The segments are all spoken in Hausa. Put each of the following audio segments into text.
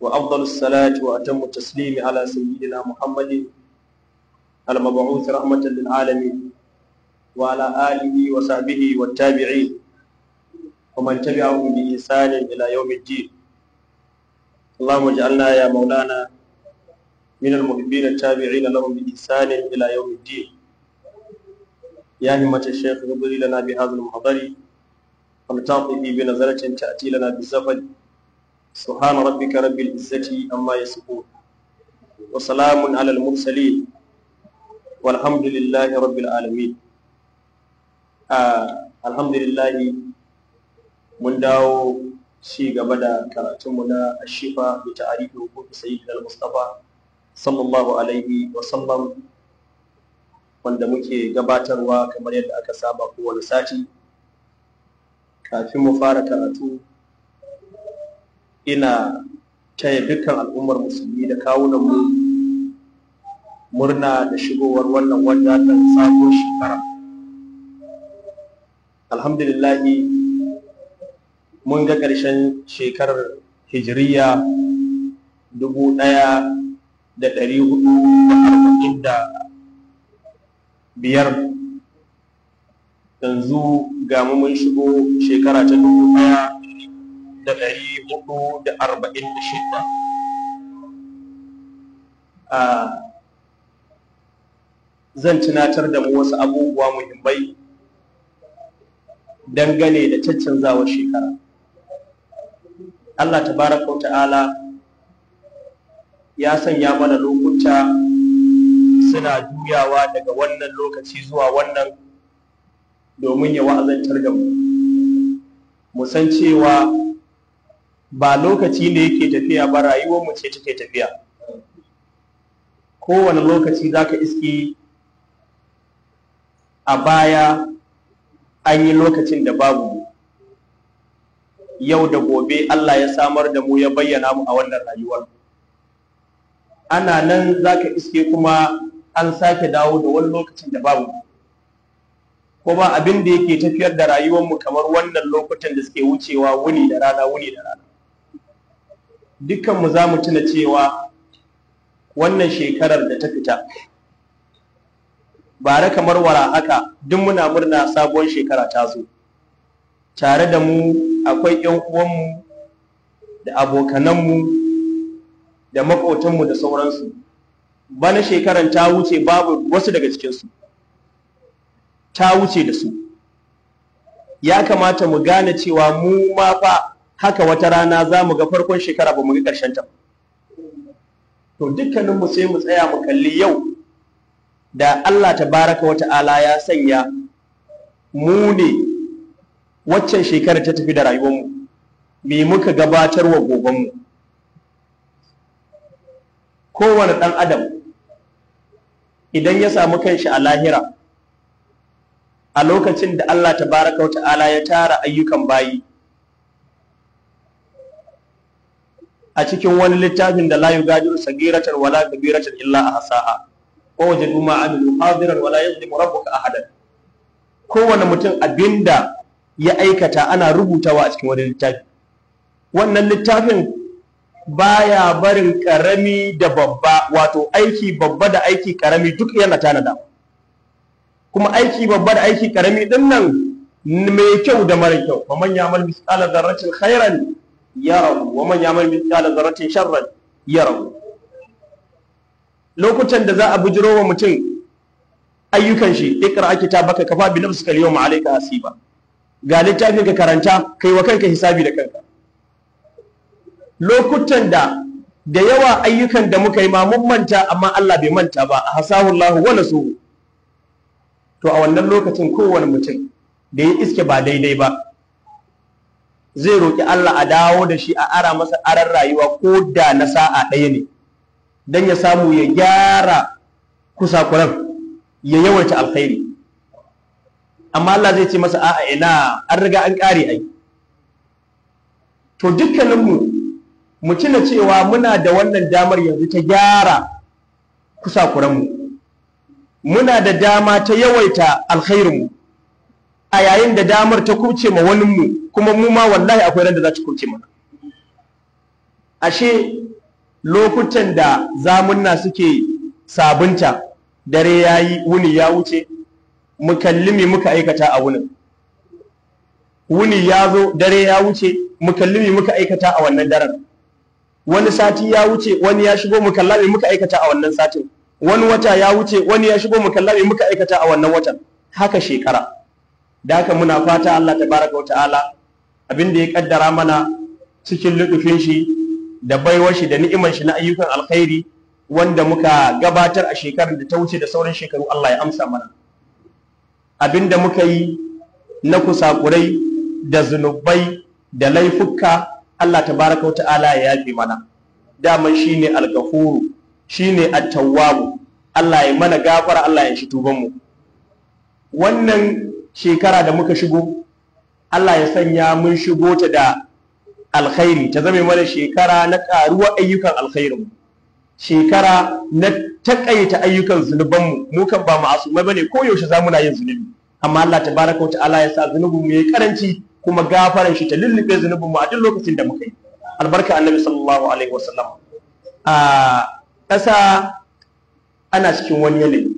وأفضل الصلاة وأتم التسليم على سيدنا محمد المبعوث رحمة للعالمين وعلى آله وصحبه والتابعين ومن تبعهم بإحسان إلى يوم الدين اللهم اجعلنا يا مولانا من المحبين التابعين لهم بإحسان إلى يوم الدين يا همة الشيخ غبري لنا بهذا المحضر ومتعطفي بنظرة تأتي لنا بالزفل سبحان ربك رب العزة أما يصفون وسلام على المرسلين والحمد لله رب العالمين آه الحمد لله من داو شي غبدا كراتمنا الشفاء بتعريف وقوف سيدنا المصطفى صلى الله عليه وسلم wanda muke gabatarwa kamar yadda aka saba kowane sati kafin mu fara karatu ina taya dukkan al'ummar musulmi da kawunan mu murna da shigowar wannan wanda ta tsago shekara alhamdulillahi mun ga ƙarshen shekarar hijiriya dubu ɗaya da ɗari hudu da biyar yanzu ga mun shigo shekara ta dubu ɗaya da ɗari hudu da arba'in da shida ah, zan tunatar da mu wasu abubuwa muhimmai dangane da caccanzawa shekara Allah tabaraka wa ta'ala ya sanya mana lokuta suna juyawa daga wannan lokaci zuwa wannan domin ya wa'azantar da mu mu san cewa ba lokaci ne yake tafiya ba rayuwar mu ce take tafiya kowane lokaci zaka iske a baya an yi lokacin da babu yau da gobe Allah ya samar da mu ya bayyana mu a wannan rayuwar ana nan zaka iske kuma an sake dawo da wani lokacin da babu ko ba abin da yake tafiyar da rayuwar mu kamar wannan lokutan da suke wucewa wuni da rana wuni da rana dukkanmu za mu tuna cewa wannan shekarar da ta fita bare kamar wara haka duk muna murna sabuwar shekara ta zo tare da mu akwai 'yan uwanmu da abokananmu da maƙotanmu da sauransu bana shekarar ta wuce babu wasu daga cikinsu ta wuce da su ya kamata mu gane cewa mu ma fa haka wata rana za mu ga farkon shekara ba mu ga ƙarshen ta to dukkanin mu sai mu tsaya mu kalli yau da Allah tabaraka wa ya sanya mu ne waccan shekara ta tafi da rayuwarmu me muka gabatar wa mu kowane ɗan adam idan ya samu kanshi a lahira a lokacin da Allah tabaraka wa ta'ala ya tara ayyukan bayi a cikin wani littafin da layu gajin sagiratar wala kabiratan illa a hasaha, wa wajadu ma amilu hadirar wala yanzu yadhlimu rabbuka ahadan kowane mutum abinda ya aikata ana rubutawa a cikin wani littafi wannan littafin baya barin karami da babba wato aiki babba da aiki karami duk yana tanada kuma aiki babba da aiki karami din nan mai kyau da mara kyau manya ya'mal misqala dharratin khairan yarahu wa man ya'mal mithqala zaratin sharran yarahu lokutan da za a bujiro wa mutum ayyukan shi ikra kitabaka kafa bi nafsika al-yawma alayka asiba ga littafin ka karanta kai wa kanka hisabi da kanka lokutan da da yawa ayyukan da muka yi ma mun manta amma Allah bai manta ba hasahu Allah wa to a wannan lokacin kowane mutum da ya iske ba daidai ba zai roƙi Allah a dawo da shi a ara masa aran rayuwa ko da na sa'a ɗaya ne don ya samu ya gyara kusakuran ya yawaita alkhairi amma Allah zai ce masa a'a ina an riga an ƙare ai to dukkaninmu mu cina cewa muna da wannan damar yanzu ta gyara kusakuranmu muna da dama ta yawaita alkhairinmu a yayin da damar ta kuce ma wani mu kuma mu ma wallahi akwai ran da za ta kuce mana ashe lokutan da zamunna suke sabunta dare yayi wuni ya wuce mu kallimi muka aikata a wunin wuni ya zo dare ya wuce mu kallimi muka aikata a wannan daren wani sati ya wuce wani ya shigo mu kallami muka aikata a wannan satin wani wata ya wuce wani ya shigo mu kallami muka aikata a wannan watan haka shekara da haka muna fata Allah tabaraka wata'ala abinda ya kaddara mana cikin lutufin shi da baiwar shi da ni'imar shi na ayyukan alkhairi wanda muka gabatar a shekarar da ta wuce da sauran shekaru Allah ya amsa mana Abinda muka yi na kusakurai da zunubai da laifuka Allah tabaraka wata'ala ya yafe mana daman shine algafuru shine at-tawwabu Allah ya mana gafara Allah ya shi tuban mu wannan shekara da muka shigo Allah ya sanya mun shigo ta da alkhairi ta zame mana shekara na ƙaruwa ayyukan alkhairin shekara na taƙaita ayyukan zunubanmu mu kan ba mu asumai bane ko yaushe za muna yin zunubi amma Allah tabaraka wa ta'ala ya sa zunubin mu yayi karanci kuma gafaran shi ta lullube zunubin mu a duk lokacin da muka yi albarka annabi sallallahu alaihi wasallam a ƙasa ana cikin wani yanayi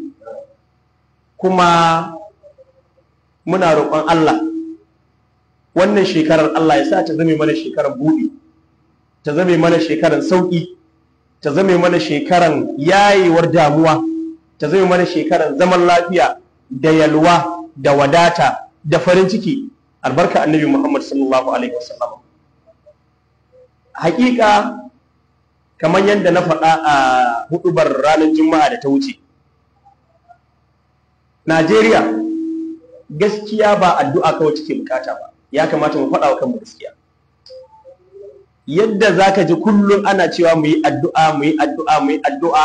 kuma muna roƙon Allah wannan shekarar Allah ya sa ta zame mana shekarar buɗe ta zame mana shekarar sauƙi ta zame mana shekarar yayewar damuwa ta zame mana shekarar zaman lafiya da yalwa da wadata da farin ciki albarka annabi Muhammad sallallahu alaihi wasallam hakika kamar yadda na faɗa a hudubar ranar juma'a da ta wuce Najeriya gaskiya ba addu'a kawai take bukata ba ya kamata mu faɗa wa kanmu gaskiya yadda zaka ji kullum ana cewa mu yi addu'a mu yi addu'a mu yi addu'a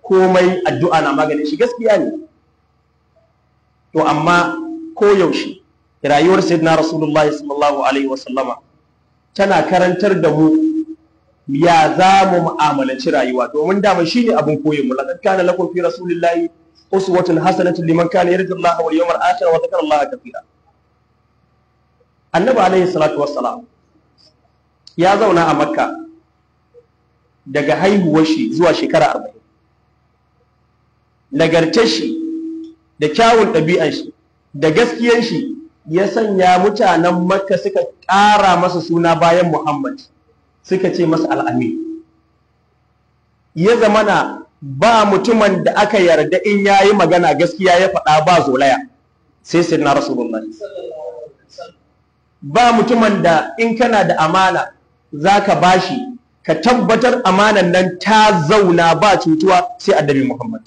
komai addu'a na maganin shi gaskiya ne to amma ko yaushe rayuwar sayyidina rasulullahi sallallahu alaihi wasallama tana karantar da mu ya za mu mu'amalanci rayuwa domin dama shine abin koyon mu laqad na lakum fi rasulillahi uswatun hasanatun liman kana yarju Allah wal yawmal akhir wa dhakara Allah kathira annabi Alayhi salatu wassalam ya zauna a makka daga haihuwar shi zuwa shekara arba'in nagartar shi da kyawun ɗabi'ar shi da gaskiyar shi ya sanya mutanen makka suka ƙara masa suna bayan muhammad suka ce masa al'amin ya zamana ba mutumin da aka yarda in ya yi magana gaskiya ya faɗa ba zolaya sai sayyidina rasulullahi ba mutumin da in kana da amana za ba bashi ka tabbatar amanan nan ta zauna ba cutuwa sai annabi Muhammad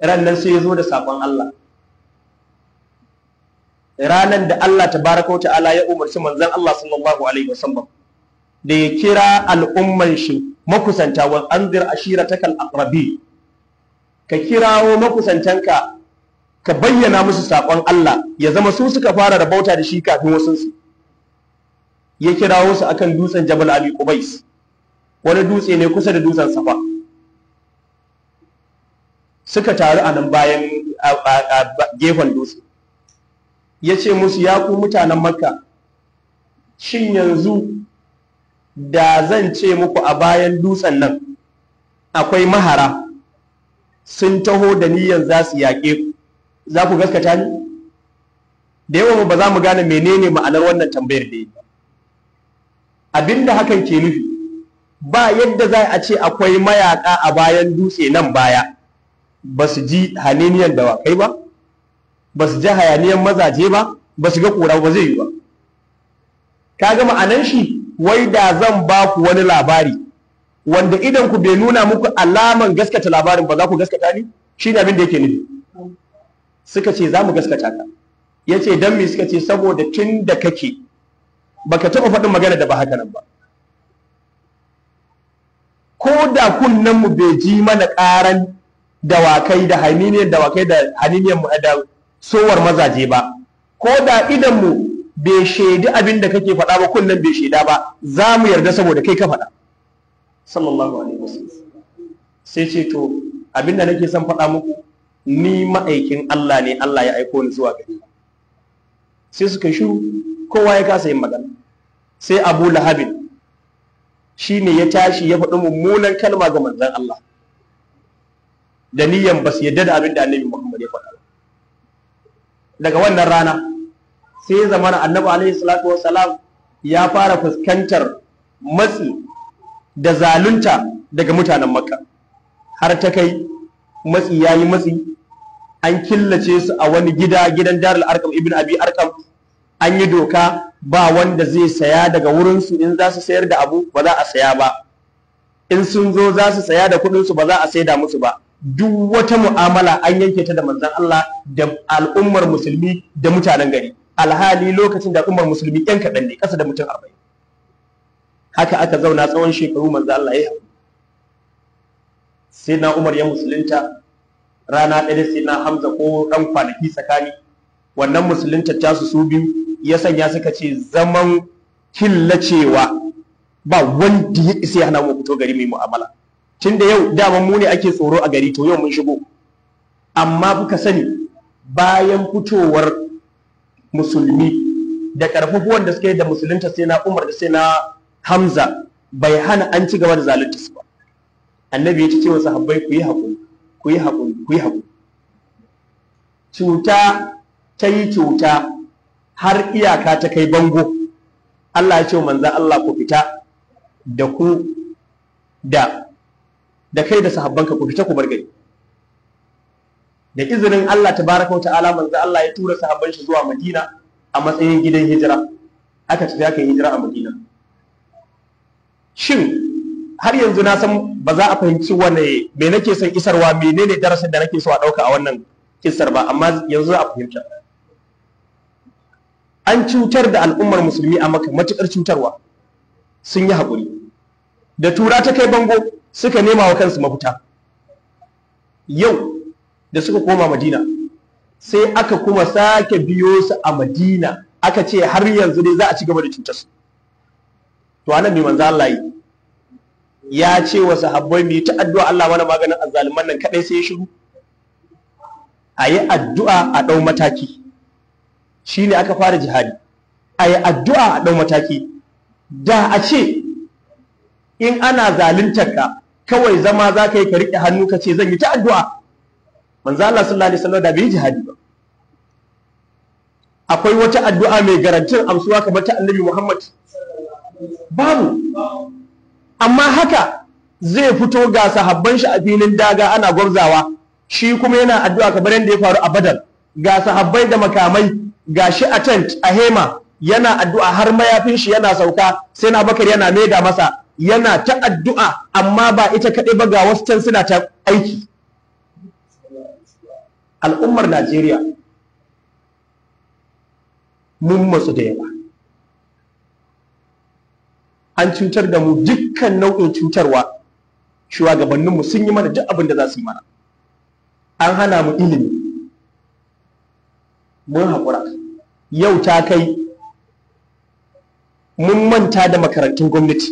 rannan sai ya zo da sakon Allah ranan da Allah baraka wata ta'ala ya umarci manzan Allah sallallahu alaihi wasallam da ya kira al'umman shi makusanta wa anzir ta kal’arabi ka kirawo makusantanka ka bayyana musu saƙon Allah ya zama su suka fara da bauta da shi kafin wasunsu ya kirawo su akan dutsen Jabal Ali ƙubais wani dutse ne kusa da dutsen Safa suka taru a nan bayan gefen dutse ya ce musu ya ku mutanen Makka shin yanzu da zan ce muku a bayan dutsen nan akwai mahara sun taho da niyyar za su yaƙe ku za ku gaskata ni da yawan ba za mu gane menene ma'anar wannan tambayar da yi abinda hakan ke nufi ba yadda za a ce akwai mayaƙa a bayan dutse nan baya ba su ji haniniyan dawakai ba ba su ji hayaniyan mazaje ba ba su ga kura ba zai yi ba ka ga ma'anan shi wai da zan ba ku wani labari wanda idan ku bai nuna muku alaman gaskata labarin ba za ku gaskata ni shine abin da yake nufi suka ce za mu gaskata ka ya ce don me suka ce saboda tun da kake ka taɓa faɗin magana da ba haka nan ba ko da kunnen mu bai ji mana ƙaran dawakai da haniniyan dawakai da haniniyan mu da sowar mazaje ba ko da idan mu bai shaidi abin da kake faɗa ba kullum bai shaida ba za mu yarda saboda kai ka faɗa sallallahu alaihi wasallam sai ce to abin da nake son faɗa muku ni ma'aikin Allah ne Allah ya aiko ni zuwa gare ku sai suka shiru kowa ya kasa yin magana sai Abu Lahabin shine ya tashi ya faɗi mummunan kalma ga manzon Allah da niyyan ba su yarda da abin da Annabi Muhammad ya faɗa daga wannan rana sai ya zama annabi alaihi salatu wassalam ya fara fuskantar matsi da zalunta daga mutanen makka har ta kai matsi ya yi matsi an killace su a wani gida gidan darul arkam ibn abi arkam an yi doka ba wanda zai saya daga wurinsu in za su sayar da abu ba za a saya ba in sun zo za su saya da kuɗinsu ba za a da musu ba duk wata mu'amala an yanke ta da manzon Allah da al'ummar musulmi da mutanen gari alhali lokacin da umar musulmi yan kaɗan ne ƙasa da mutum arba'in haka aka zauna tsawon shekaru manzo Allah ya sai na Umar ya musulunta rana ɗaya sai na Hamza ko ɗan kwanaki tsakani wannan musulunta tasu su biyu ya sanya suka ce zaman killacewa ba wanda ya isa ya hana mu fito gari mai mu'amala tun da yau dama mu ne ake tsoro a gari to yau mun shigo amma kuka sani bayan fitowar musulmi da karfafuwan da suke yi da musulunta sai na umar da sai na hamza bai hana an ci gaba da zalunta su ba annabi ya ce wa sahabbai ku yi haƙuri ku yi haƙuri ku yi haƙuri cuta ta yi cuta har iyaka ta kai bango Allah ya ce manzan Allah ku fita da ku da da kai da sahabbanka ku fita ku bar gari da izinin Allah ta wata ala manzo Allah ya tura sahabban shi zuwa Madina a matsayin gidan hijira aka tafi aka hijira a Madina shin har yanzu na san ba za a fahimci wane me nake son isarwa menene darasin da nake so a ɗauka a wannan kisar ba amma yanzu za a fahimta an cutar da al'ummar musulmi a maka matuƙar cutarwa sun yi haƙuri da tura ta kai bango suka nema wa kansu mafita yau da suka koma madina sai aka kuma sake biyo su a madina aka ce har yanzu dai za a ci gaba da cutar su to anan mai manzo Allah yi ya ce wa sahabbai mai ta addu'a Allah mana maganin azzaliman nan kadai sai ya shiru a yi addu'a a ɗau mataki shi aka fara jihadi a yi addu'a a ɗau mataki da a ce in ana zaluntar ka kawai zama za ka yi ka riƙe hannu ka ce zan yi ta addu'a manzo Allah sallallahu alaihi wasallam da bai jihadi ba akwai wata addu'a mai garantin amsuwa kamar ta Annabi Muhammad babu amma haka zai fito ga sahabban shi a filin daga ana gwamzawa, shi kuma yana addu'a kamar yadda ya faru a Badar ga sahabbai da makamai ga shi a tent a hema yana addu'a har mayafin shi yana sauka sai na bakar yana maida masa yana ta addu'a amma ba ita kaɗai ba ga wasu can suna ta aiki al'ummar najeriya mun matsu da yawa an cutar da mu dukkan nau'in cutarwa shugabanninmu sun yi mana duk abin da za su yi mana an hana mu ilimi mun haƙura yau ta kai mun manta da makarantun gwamnati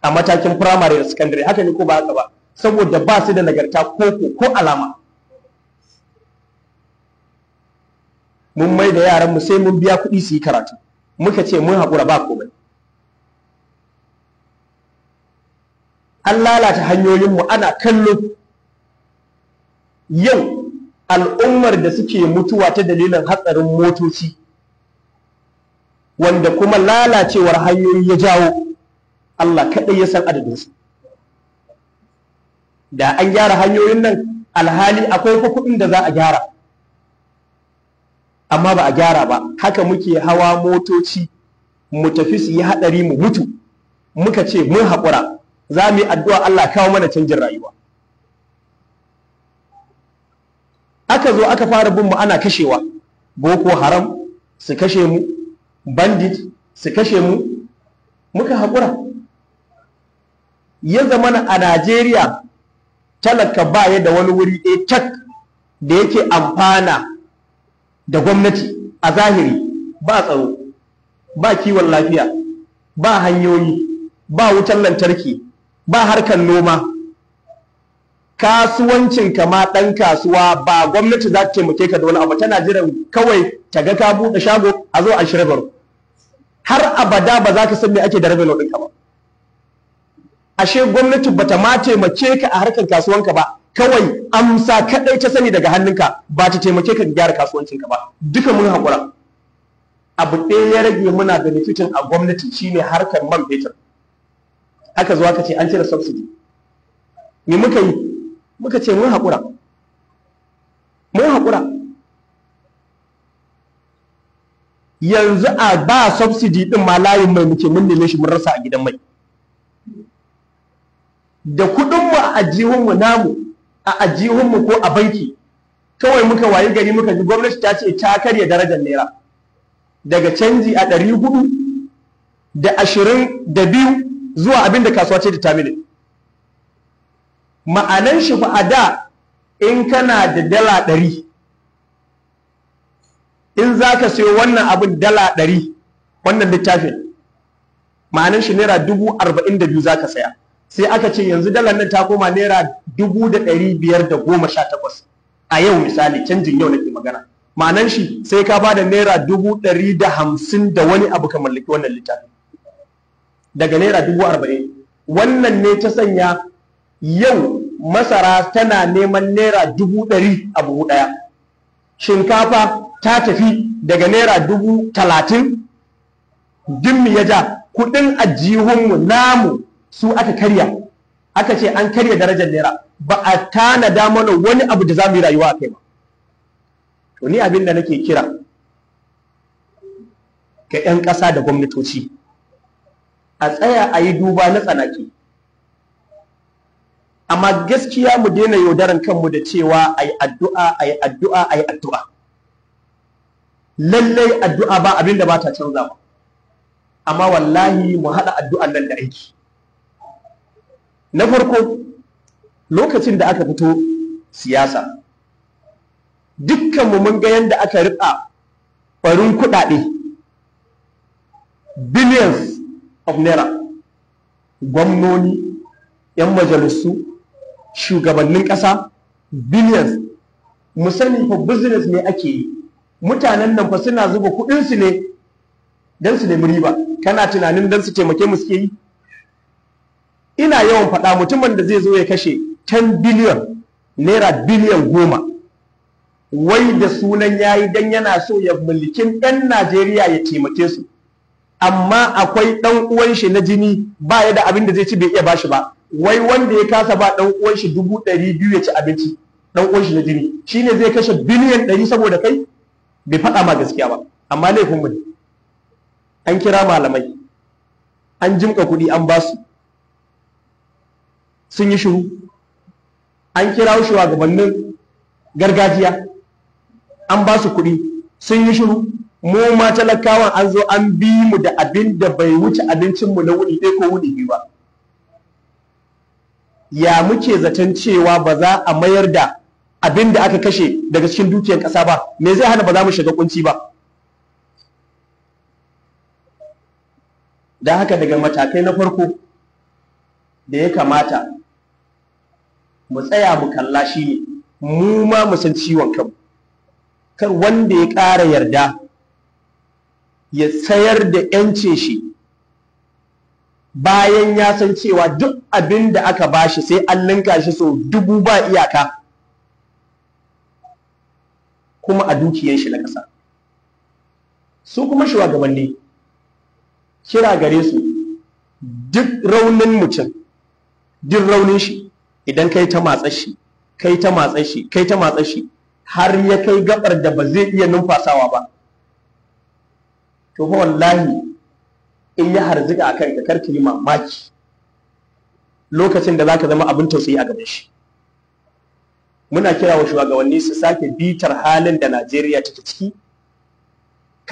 a matakin firamare da sakandare haka ne ko ba haka ba saboda ba su da nagarta ko ko alama mun mai da yaran mu sai mun biya kuɗi su yi karatu muka ce mun haƙura ba komai an lalata hanyoyinmu ana kallo yau al'ummar da suke mutuwa ta dalilin hatsarin motoci wanda kuma lalacewar hanyoyi ya jawo Allah kaɗai ya san adadinsu da an gyara hanyoyin nan alhali akwai kuɗin da za a gyara amma ba a gyara ba haka muke hawa motoci mu tafi su yi haɗari mu mutu muka ce mun haƙura za mu yi addu'a Allah kawo mana canjin rayuwa aka zo aka fara bin mu ana kashewa boko haram su kashe mu bandit su kashe mu muka haƙura ya zama a Najeriya talaka ba ya da wani wuri ɗaya tak da yake amfana da gwamnati a zahiri ba tsaro ba kiwon lafiya ba hanyoyi ba wutar lantarki ba harkar noma kasuwancin kama ɗan kasuwa ba gwamnati za ta taimake ka da wani abu tana jiran kawai ta ga ka buɗe shago a zo a shi har abada ba za ka san me ake da raba ɗinka ba ashe gwamnati ba ta ma taimake ka a harkar kasuwanka ba kawai amsa kadai ta sani daga hannunka ba ta taimake ka gyara kasuwancinka ba duka mun haƙura abu ɗaya ya rage muna benefitin a gwamnati shine harkar man fetur aka zuwa ka ce an cire subsidy me muka yi muka ce mun haƙura mun haƙura yanzu a ba subsidy din ma layin mai muke mun neme shi mun rasa a gidan mai da kuɗin mu a jihun mu namu a ajihunmu ko a banki kawai muka wayi gari muka ji gwamnati ta ce ta karya darajar naira daga canji a ɗari hudu da ashirin da biyu zuwa abin da kasuwa ce ta determinant ma'anan shi fa a da in kana da dala ɗari in za ka sayo wannan abin dala ɗari wannan littafin ma'anan shi naira dubu arba'in da biyu za ka saya sai aka ce yanzu dalar nan ta koma naira dubu da ɗari biyar da goma sha takwas a yau misali canjin yau nake magana ma'anan shi sai ka bada naira dubu ɗari da hamsin da wani abu ka mallaki wannan littafin daga naira dubu arba'in wannan ne ta sanya yau masara tana neman naira dubu ɗari a buhu ɗaya shinkafa ta tafi daga naira dubu talatin dimmi ya ja kuɗin ajihunmu namu su aka karya aka ce an karya darajar naira ba a tanada mana wani abu da za mu yi rayuwa a kai ba to ni abin da nake kira ga 'yan ƙasa da gwamnatoci a tsaya a yi duba na tsanaki amma gaskiya mu daina yaudaran kanmu da cewa a yi addu'a a yi addu'a a yi addu'a lallai addu'a ba abin da ba ta canza ba amma wallahi mu haɗa addu'an nan da aiki na farko lokacin da aka fito siyasa dukkanmu mun ga yadda aka riƙa farin kuɗaɗe billions of naira gwamnoni 'yan majalisu shugabannin ƙasa billions mu sani fa business ne ake yi mutanen nan fa suna zuba kuɗinsu ne don su nemi riba kana tunanin don su taimake mu suke yi ina yawan faɗa mutumin da zai zo ya kashe 10 biliyon naira biliyan goma wai da sunan ya yi don yana so ya mulkin 'yan Najeriya ya taimake su amma akwai ɗan uwan shi na jini ba ya da abin da zai ci bai iya shi ba wai wanda ya kasa ba ɗan uwan shi dubu ɗari biyu ya ci abinci ɗan uwan shi na jini shi ne zai kashe biliyan ɗari saboda kai bai faɗa ma gaskiya ba amma laifin mu an kira malamai an jimka kuɗi an basu sun yi shiru an kira shugabannin gargajiya an ba su kuɗi sun yi shiru mu ma talakawan an zo an bi mu da abin da bai wuce abincinmu na wuni ɗaya ko wuni biyu ba ya muke zaton cewa ba za a mayar da abin da aka kashe daga cikin dukiyar ƙasa ba me zai hana ba za mu shiga kunci ba don haka daga matakai na farko da ya kamata mu tsaya mu kalla shi ne mu ma mu san ciwon kanmu kar wanda ya ƙara yarda ya tsayar da ‘yancin shi bayan ya san cewa duk abin da aka bashi sai an ninka shi sau dubu ba iyaka kuma a dukiyar shi na ƙasa su kuma shugabanni kira gare su duk raunin mutum duk raunin shi idan kai ta matsa shi kai ta matsa shi kai ta matsa shi har ya kai gabar da ba zai iya numfasawa ba to fa wallahi in ya harzika a kanka kar ka yi mamaki lokacin da zaka zama abin tausayi a gaban shi muna kira wa shugabanni su sake bitar halin da Najeriya take ciki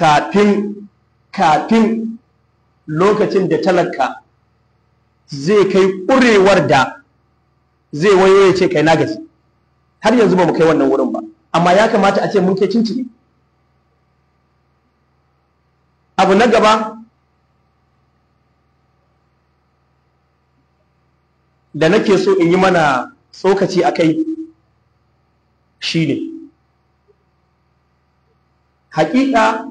kafin kafin lokacin da talaka zai kai ƙurewar da zai wayo ya ce kai na gaji har yanzu ba mu kai wannan wurin ba amma ya kamata a ce mun kai cincin abu na gaba da nake so in yi mana tsokaci a kai shi ne hakika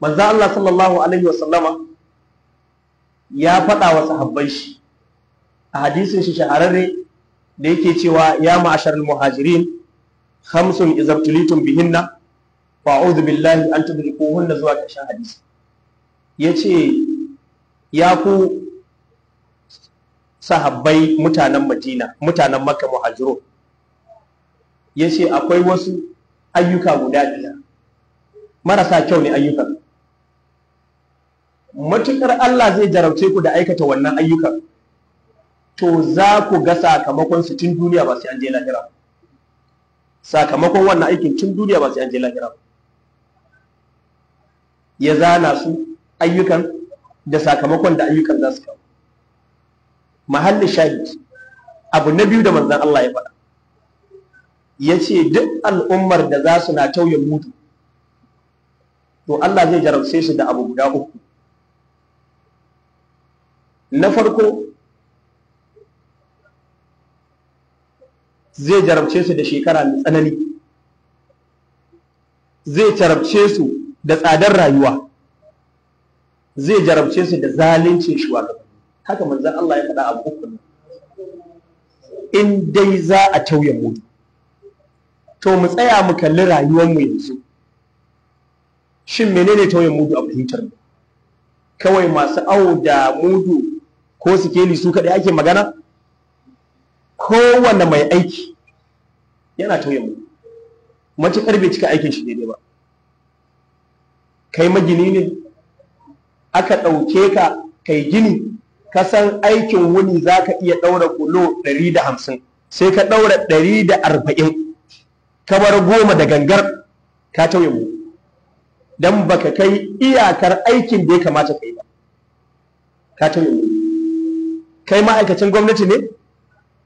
manzo Allah sallallahu alaihi wasallama ya faɗa wa sahabban shi a hadisin shi shahararre da yake cewa ya ma'ashar muhajirin khamsun izabtulitum bihinna fa a'udhu billahi an tudrikuhunna zuwa ƙarshen hadisi yace ya ku sahabbai mutanen Madina mutanen Makka muhajiro yace akwai wasu ayyuka guda biyar marasa kyau ne ayyukan matukar Allah zai jarabce ku da aikata wannan ayyukan to za ku ga sakamakon su tun duniya ba sai an je lahira sakamakon wannan aikin tun duniya ba sai an je lahira ya zana su ayyukan da sakamakon da ayyukan za su kawo mahallin shahid abu na biyu da manzan Allah ya faɗa ya ce duk al'ummar da za su na tauyin mutu to Allah zai jarabce su da abu guda uku na farko zai jarabce su da shekara mai tsanani zai jarabce su da tsadar rayuwa zai jarabce su da zalincin shugabanni haka manzon Allah ya faɗa a bukun in dai za a tauye mu to mu tsaya mu kalli rayuwar mu yanzu shin menene tauye mudu a fahimtar kawai masu awo da mudu ko sikeli su kaɗai ake magana kowane mai aiki yana tauye mu kar bai cika aikin shi daidai ba kai magini ne aka ɗauke ka kai gini ka san aikin wuni za ka iya ɗaura kulo ɗari sai ka ɗaura ɗari da arba'in ka goma da gangar ka tauye mu don baka kai iyakar aikin da ya kamata ka ba ka tauye mu kai ma'aikacin gwamnati ne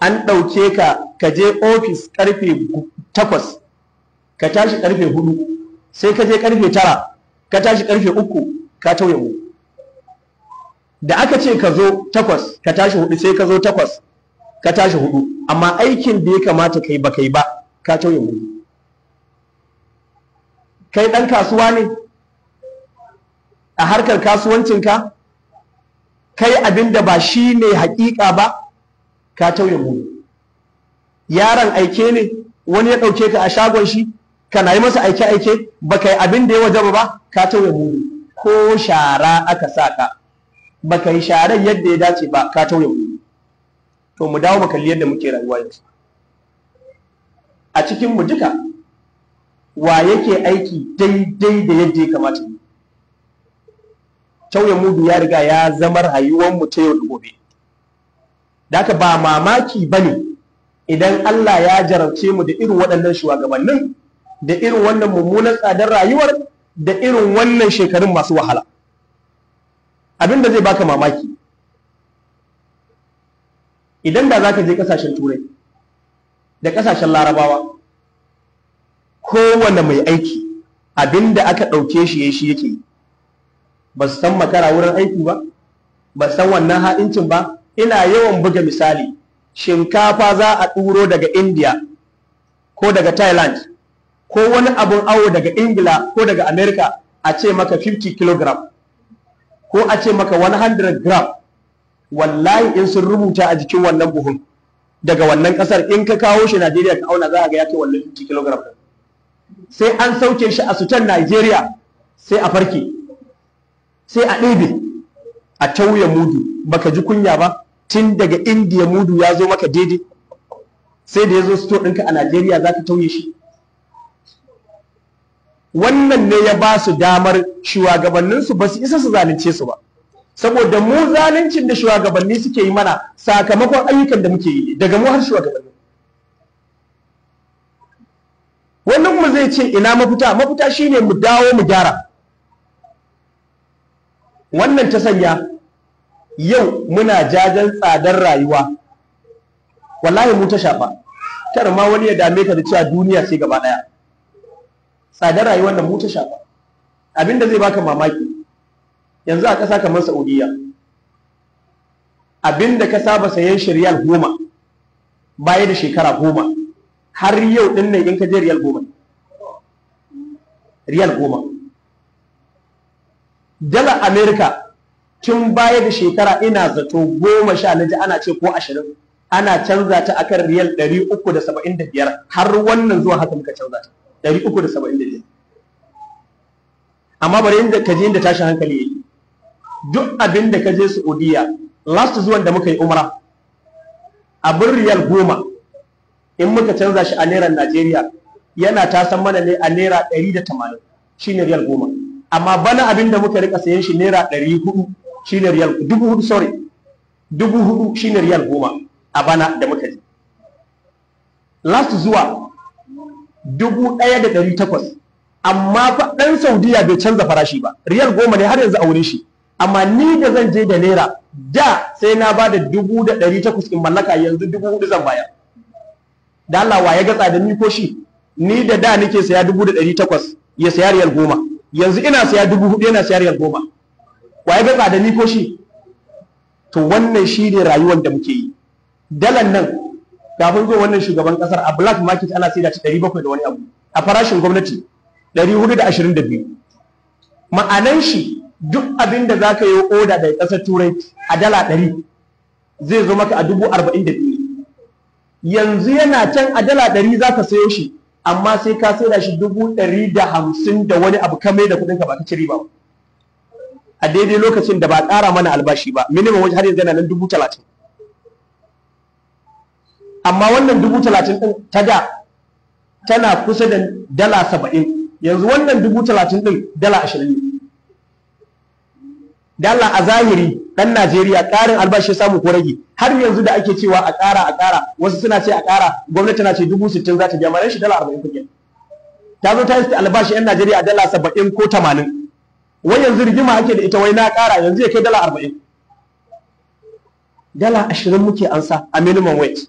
an ɗauke ka ka je ofis ƙarfe takwas ka tashi ƙarfe hudu sai ka je ƙarfe tara ka tashi ƙarfe uku ka tauye mu da aka ce ka zo takwas ka tashi hudu sai ka zo takwas ka tashi hudu amma aikin da ya kamata kai ba kai ba ka tauye mu kai ɗan kasuwa ne a harkar kasuwancinka kai abin da ba shi ne haƙiƙa ba ka tauye mu yaron aike ne wani ya ɗauke ka a shagon shi kana yi masa aike aike baka yi abin da ya waje ba ka tauye mu ko shara aka sa ka baka yi sharar yadda ya dace ba ka tauye mu to mu dawo mu kalli yadda muke rayuwa yanzu a cikin mu duka wa yake aiki daidai da yadda ya kamata tauye mudu ya riga ya zama rayuwar mu ta yau da gobe Daka ba mamaki ba ne idan Allah ya jarabce mu da irin waɗannan shugabannin da irin wannan mummunan tsadar rayuwar da irin wannan shekarun masu wahala. Abin zai baka mamaki. Idan da za ka je ƙasashen Turai da ƙasashen Larabawa, kowane mai aiki abinda aka ɗauke shi ya shi yake Ba su san makara wurin aiki ba, ba su san wannan haɗincin ba, ina yawan buga misali shinkafa za a ɗuro daga india ko daga thailand ko wani abun awo daga ingila ko daga america a ce maka 50 kg ko a ce maka 100 gram wallahi in sun rubuta a jikin wannan buhun daga wannan kasar in ka kawo shi najeriya ka auna za a ga ya kai wannan 50 kg sai an sauke shi a sutan najeriya sai a farke sai a ɗebe a tauye mudu baka ji kunya ba tun daga indiya mudu ya zo maka daidai sai da ya zo sito ɗinka a najeriya za ka tauye shi wannan ne ya ba su damar shugabanninsu ba su isa su zalunce su ba saboda mu zaluncin da shugabanni suke yi mana sakamakon ayyukan da muke yi daga mu har shugabanni wannan mu zai ce ina mafita mafita shine mu dawo mu gyara wannan ta sanya yau muna jajen tsadar rayuwa wallahi mu ta shafa kar ma wani ya dame ka da cewa duniya ce gaba daya tsadar rayuwar da mu ta shafa abinda zai baka mamaki yanzu a ƙasa kamar Saudiya abinda ka saba sayan shiryal goma baya da shekara goma har yau din nan in ka je riyal goma riyal goma dala Amerika tun baya da shekara ina zato goma sha na ana ce ko ashirin ana canza ta kan riyal ɗari uku da saba'in da biyar har wannan zuwa haka muka canza ta ɗari uku da saba'in da biyar amma bari inda ka je inda tashin hankali ya yi duk abin da ka je Saudiya last zuwan da muka yi umara abin riyal goma in muka canza shi a naira Najeriya yana ta san mana ne a naira ɗari da tamanin shine riyal goma amma bana abin da muka rika sayan shi naira ɗari hudu shine riyal dubu hudu sorry dubu hudu shine riyal goma a bana da muka ji last zuwa dubu ɗaya da ɗari takwas amma fa ɗan saudiya bai canza farashi ba riyal goma ne har yanzu a wurin shi amma ni da zan je da naira da sai na ba da dubu da ɗari takwas in mallaka yanzu dubu hudu zan bayar da Allah wa ya gatsa da ni ko shi ni da da nake saya dubu da ɗari takwas ya saya riyal goma yanzu ina saya dubu hudu yana saya riyal goma waye bai tsada ni ko shi to wannan shi ne rayuwar da muke yi dalan nan kafin zuwa wannan shugaban kasar a black market ana sai da ci 700 da wani abu a farashin gwamnati 422 ma'anan shi duk abin da zaka yi oda daga kasar turai a dala 100 zai zo maka a 42 yanzu yana can a dala 100 zaka sayo shi amma sai ka sai da shi 150 da wani abu kamar da kudin ka ba ka ci riba ba a daidai lokacin da ba ƙara mana albashi ba minimum wajen har yanzu yana nan dubu talatin amma wannan dubu talatin ɗin ta da tana kusa da dala saba'in yanzu wannan dubu talatin ɗin dala ashirin ne dala a zahiri ɗan najeriya ƙarin albashi samu ko rage har yanzu da ake cewa a ƙara a ƙara wasu suna ce a ƙara gwamnati na ce dubu sittin za ta biya mara shi dala arba'in kuke ta zo ta yi albashi 'yan najeriya dala saba'in ko tamanin wai yanzu rigima ake da ita wai na ƙara yanzu ya kai dala arba'in dala ashirin muke ansa a minimum wage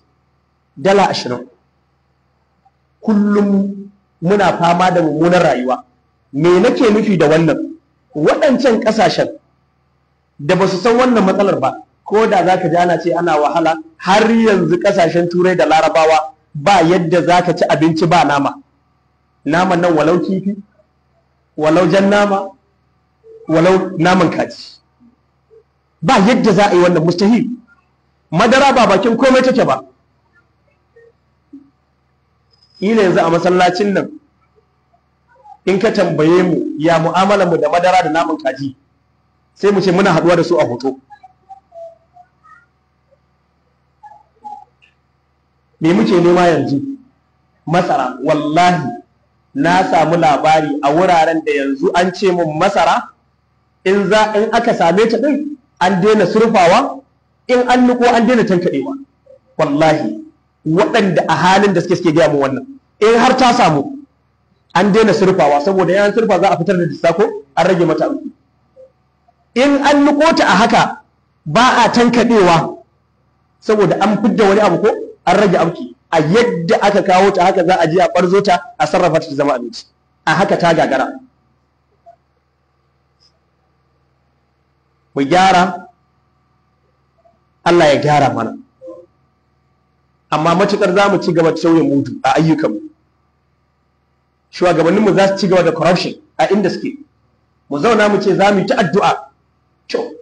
dala ashirin kullum muna fama da mummunar rayuwa me nake nufi da wannan waɗancan ƙasashen da ba su san wannan matsalar ba ko da za ka ji ana ce ana wahala har yanzu ƙasashen turai da larabawa ba yadda za ka ci abinci ba nama Nama nan walau kifi walau jan nama walau naman kaji ba yadda za a yi wannan mustahil madara ba bakin komai take ba ila yanzu a masallacin nan in ka tambaye mu ya mu'amalar mu da madara da naman kaji sai mu ce muna haduwa da su a hoto me muke nema yanzu masara wallahi na samu labari a wuraren da yanzu an ce mun masara in za in aka same ta din an daina surfawa in an niko an daina tankadewa wallahi waɗanda a halin da suke suke gaya mu wannan in har ta samu an daina surfawa saboda yan surfa za a fitar da dissako an rage mata abu in an niko ta a haka ba a tankadewa saboda an fidda wani abu ko an rage auki a yadda aka kawo ta haka za a je a barzo ta a sarrafa ta zama abinci a haka ta gagara mu gyara Allah ya gyara mana amma matukar za mu ci gaba da sauyin mutu a ayyukanmu shugabanninmu za su ci gaba da corruption a inda suke mu zauna mu ce za mu yi ta addu'a to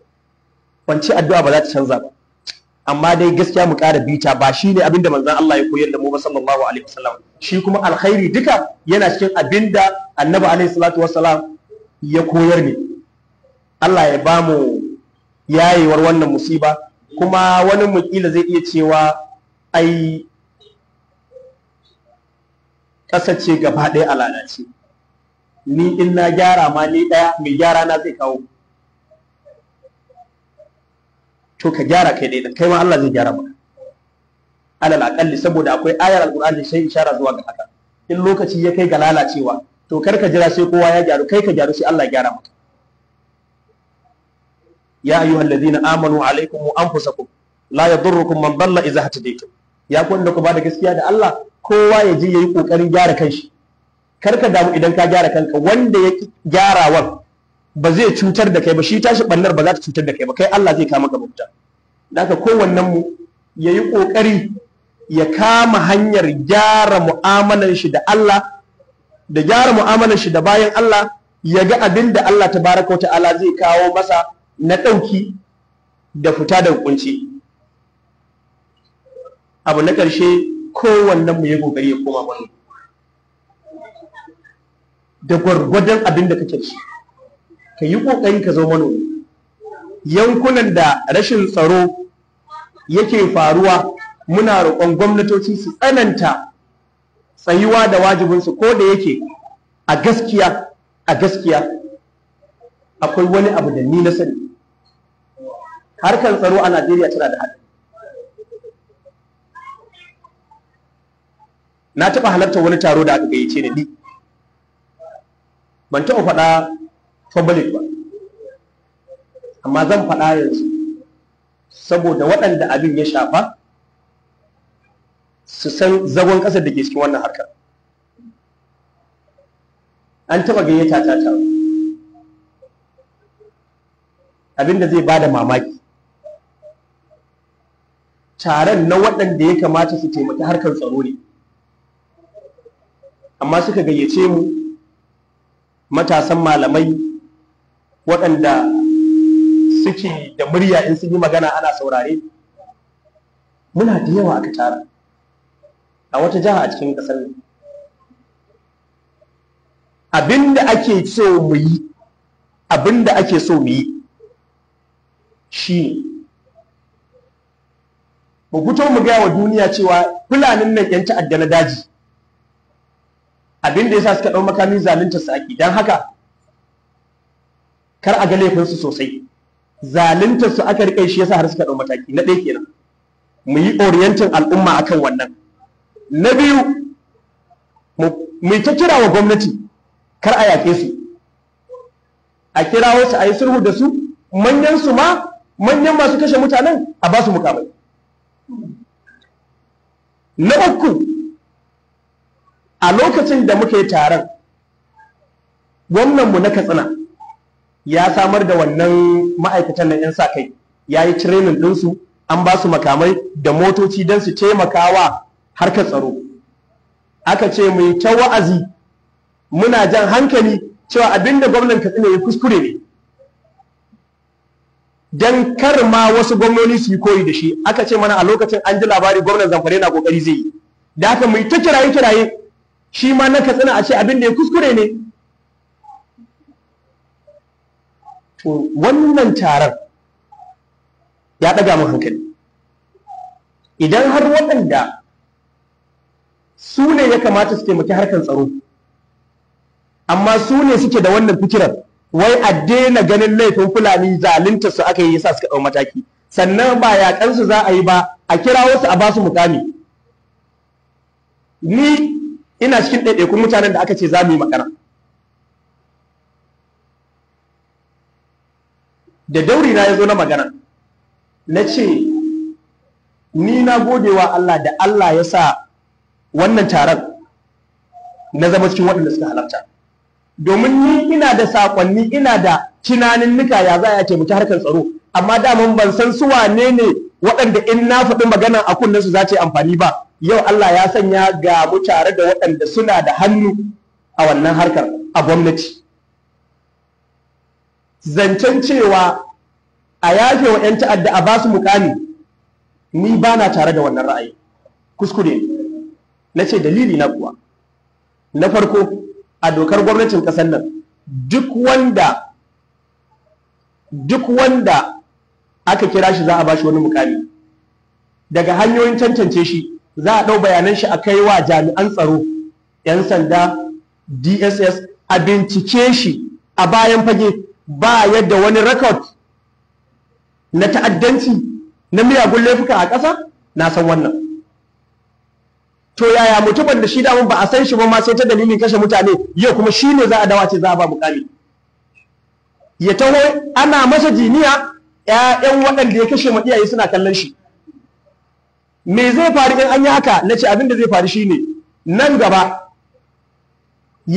wance addu'a ba za ta canza ba amma dai gaskiya mu ƙara bita ba shi ne abinda manzan Allah ya koyar da mu ba sallallahu alaihi wasallam shi kuma alkhairi duka yana cikin abinda annabi alaihi salatu wasallam ya koyar ne Allah ya ba mu yayewar wannan musiba kuma wani mukila zai iya cewa ai ƙasa ce gaba ɗaya a lalace ni in na gyara ma ni ɗaya mai gyara na zai kawo to ka gyara kai ɗaya kai ma Allah zai gyara maka alal aƙalli saboda akwai ayar da shi ishara zuwa ga haka in lokaci ya kai ga lalacewa to kar ka jira sai kowa ya gyaru kai ka gyaru sai Allah ya gyara maka ya ayyuhal ladina amanu alaikum anfusakum la yadurrukum man dalla idza hatadaytum ya ku ku ba da gaskiya da Allah kowa ya ji yayi kokarin gyara kanshi kar ka damu idan ka gyara kanka wanda ya gyarawan ba zai cutar da kai ba shi tashi bannar ba za ta cutar da kai ba kai Allah zai kama ka bauta da haka kowannen mu yayi kokari ya kama hanyar gyara mu'amalar shi da Allah da gyara mu'amalar shi da bayan Allah ya ga abin da Allah tabaraka wa ta'ala zai kawo masa na ɗauki da fita da hukunci, abu na ƙarshe kowannen mu ya kokari ya koma wani da gwargwadon abin da kake shi ka yi ƙoƙari ka zo manomi yankunan da rashin tsaro yake faruwa muna roƙon gwamnatoci su tsananta tsayuwa da wajibinsu ko da yake a gaskiya a gaskiya akwai wani abu da ni na sani harkar tsaro a Najeriya tana da haɗari na taɓa halarta wani taro da aka gayyace da ni ban taɓa faɗa public ba amma zan faɗa yanzu saboda waɗanda abin ya shafa su san zagon ƙasar da ke cikin wannan harkar an taɓa gayyata ta taro abinda zai bada mamaki taron na waɗanda ya kamata su taimaki harkar tsaro ne amma suka gayyace mu matasan malamai waɗanda suke da murya in sun yi magana ana saurare muna da yawa aka tara a wata jiha a cikin ƙasar nan abinda ake so mu yi abinda ake so mu yi shi mu fito mu gaya wa duniya cewa fulanin nan yan ta'adda na daji Abinda da yasa suka dau makami zalunta su aki dan haka kar a ga laifinsu su sosai zalunta su aka rike shi sa har suka dau mataki na ɗaya kenan mu yi orienting al'umma akan wannan na biyu mu ta kira wa gwamnati kar a yaƙe su a kira wasu a yi sulhu da su manyan su ma manyan masu kashe mutanen a ba su mukamai na uku a lokacin da muke taron wannanmu na katsina ya samar da wannan ma'aikatan na 'yan sa kai ya yi training ɗinsu an ba su makamai da motoci don su taimaka wa harkar tsaro aka ce mai ta wa'azi muna jan hankali cewa abinda gwamnan katsina ya kuskure ne dan kar ma wasu gwamnoni su yi koyi da shi aka ce mana a lokacin an ji labari gwamnan zamfare na kokari zai yi da haka mai ta kiraye kiraye shi ma na katsina a ce abin da ya kuskure ne to wannan taron ya ɗaga mu hankali idan har waɗanda su ne ya kamata su taimaki harkar tsaro amma su ne suke da wannan fikirar wai a daina ganin laifin fulani zalunta su aka yi yasa suka ɗau mataki sannan ba yaƙan su za a yi ba a kira wasu a basu mukami ni ina cikin ɗaiɗaikun mutanen da aka ce za mu yi magana da dauri na ya zo na magana na ce ni na gode wa Allah da Allah ya sa wannan taron na zama cikin waɗanda suka halarta domin ni ina da sakonni ina da cinanin nika ya za a taimaki harkar tsaro amma daman ban san su wane ne waɗanda in na faɗi magana a kunnen su za ta amfani ba yau Allah ya sanya ga mu tare da waɗanda suna da hannu a wannan harkar a gwamnati zancen cewa a yafe wa 'yan ta'adda a ba su mukami ni ba na tare da wannan ra'ayi kuskure na ce dalili na kuwa na farko a dokar gwamnatin ƙasar nan duk wanda duk wanda aka kira shi za a bashi wani mukami daga hanyoyin tantance shi za a ɗau bayanan shi a kai wa jami'an tsaro 'yan sanda dss a bincike shi a bayan fage ba yadda wani rekod na ta'addanci na miyagun laifuka a ƙasa na san wannan to yaya mutumin da shi damun ba a san shi ba ma sai ta dalilin kashe mutane yau kuma shi ne za a dawace za a ba mukami ya taho ana masa jiniya 'ya'yan waɗanda ya kashe ma iyaye suna kallon shi me zai faru in an yi haka na ce abin da zai faru shi ne nan gaba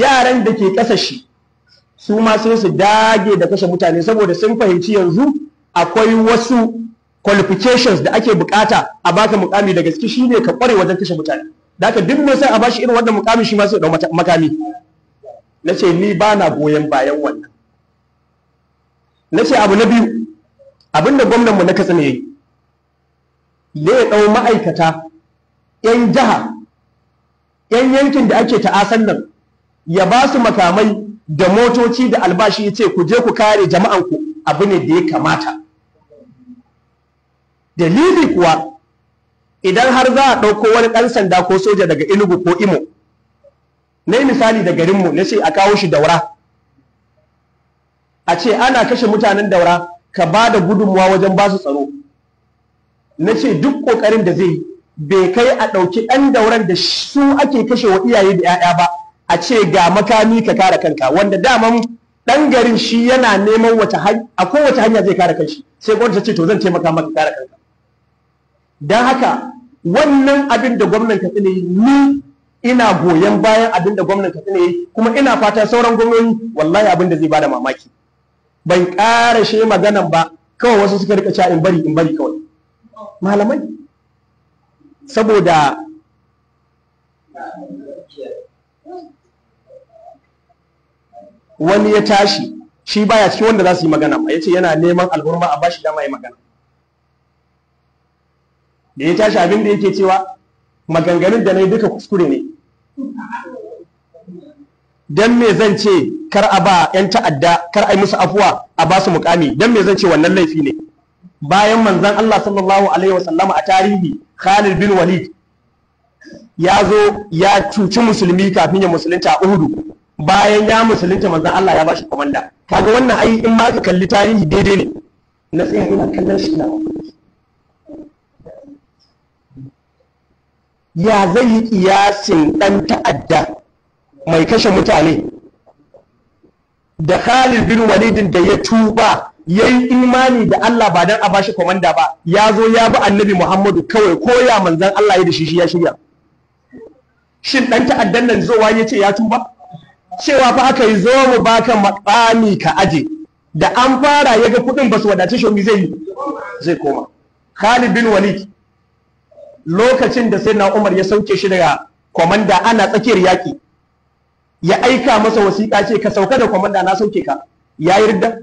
yaran da ke ƙasa shi su ma sai su dage da kashe mutane saboda sun fahimci yanzu akwai wasu qualifications da ake bukata a baka mukami da gaske shine ka kware wajen kashe mutane da haka duk mai sai a bashi irin wannan mukamin shi ma sai dau makami nace ni ba na goyon bayan wannan nace abu na biyu abinda gwamnan mu na katsina ya yi. Le ya dau ma'aikata yan jiha, yan yankin da ake ta'asan nan ya ba su makamai da motoci da albashi ya ce ku je ku kare jama'anku abu ne da ya kamata dalili kuwa idan har za a ɗauko wani ɗan sanda ko soja daga inugu ko imo na yi misali da garinmu na ce a kawo shi daura a ce ana kashe mutanen daura ka ba da gudunmuwa wajen ba su tsaro na ce duk ƙoƙarin da zai bai kai a ɗauki ɗan dauran da su ake kashe wa iyaye da 'ya'ya ba a ce ga makami ka kare kanka wanda daman ɗan garin shi yana neman wata a kowace hanya zai kare kanshi sai gwamnati ce to zan taimaka maka kare kanka don haka wannan abin da gwamnan ta yi ni ina goyon bayan abin da gwamnan ta yi kuma ina fata sauran gwamnoni wallahi abin da zai bada mamaki ban ƙara shi maganan ba kawai wasu suka rika in bari in bari kawai malamai saboda wani ya tashi shi baya cikin wanda za su yi magana ya ce yana neman alburma a bashi dama yi magana da ya tashi abin da yake cewa maganganun da na yi duka kuskure ne dan me zan ce kar a ba 'yan ta'adda kar a yi musu afuwa a ba su mukami dan me zan ce wannan laifi ne bayan manzon Allah sallallahu alaihi wasallama a tarihi Khalid bin Walid ya zo ya cuci musulmi kafin ya musulunta a Uhudu bayan ya musulunta manzon Allah ya ba shi komanda kaga wannan ai in ma ka kalli tarihi daidai ne na tsayin ina kallon shi na ya zai yi kiyasin ɗan ta'adda mai kashe mutane da Khalid bin Walidin da ya tuba ya yi imani da Allah ba dan a bashi komanda ba ya zo ya bi annabi Muhammadu kawai koya manzan Allah ya da shi ya shirya shin ɗan ta'addan nan zowa ya ce ya tuba cewa fa aka yi zo mu baka maƙami ka aje da an fara ya ga kuɗin ba su wadace shi zai yi zai koma Khalid bin Walid lokacin da sai na umar ya sauke shi daga kwamanda ana tsakiyar yaƙi ya aika masa wasiƙa ce ka sauka da kwamanda na sauke ka ya yi ridda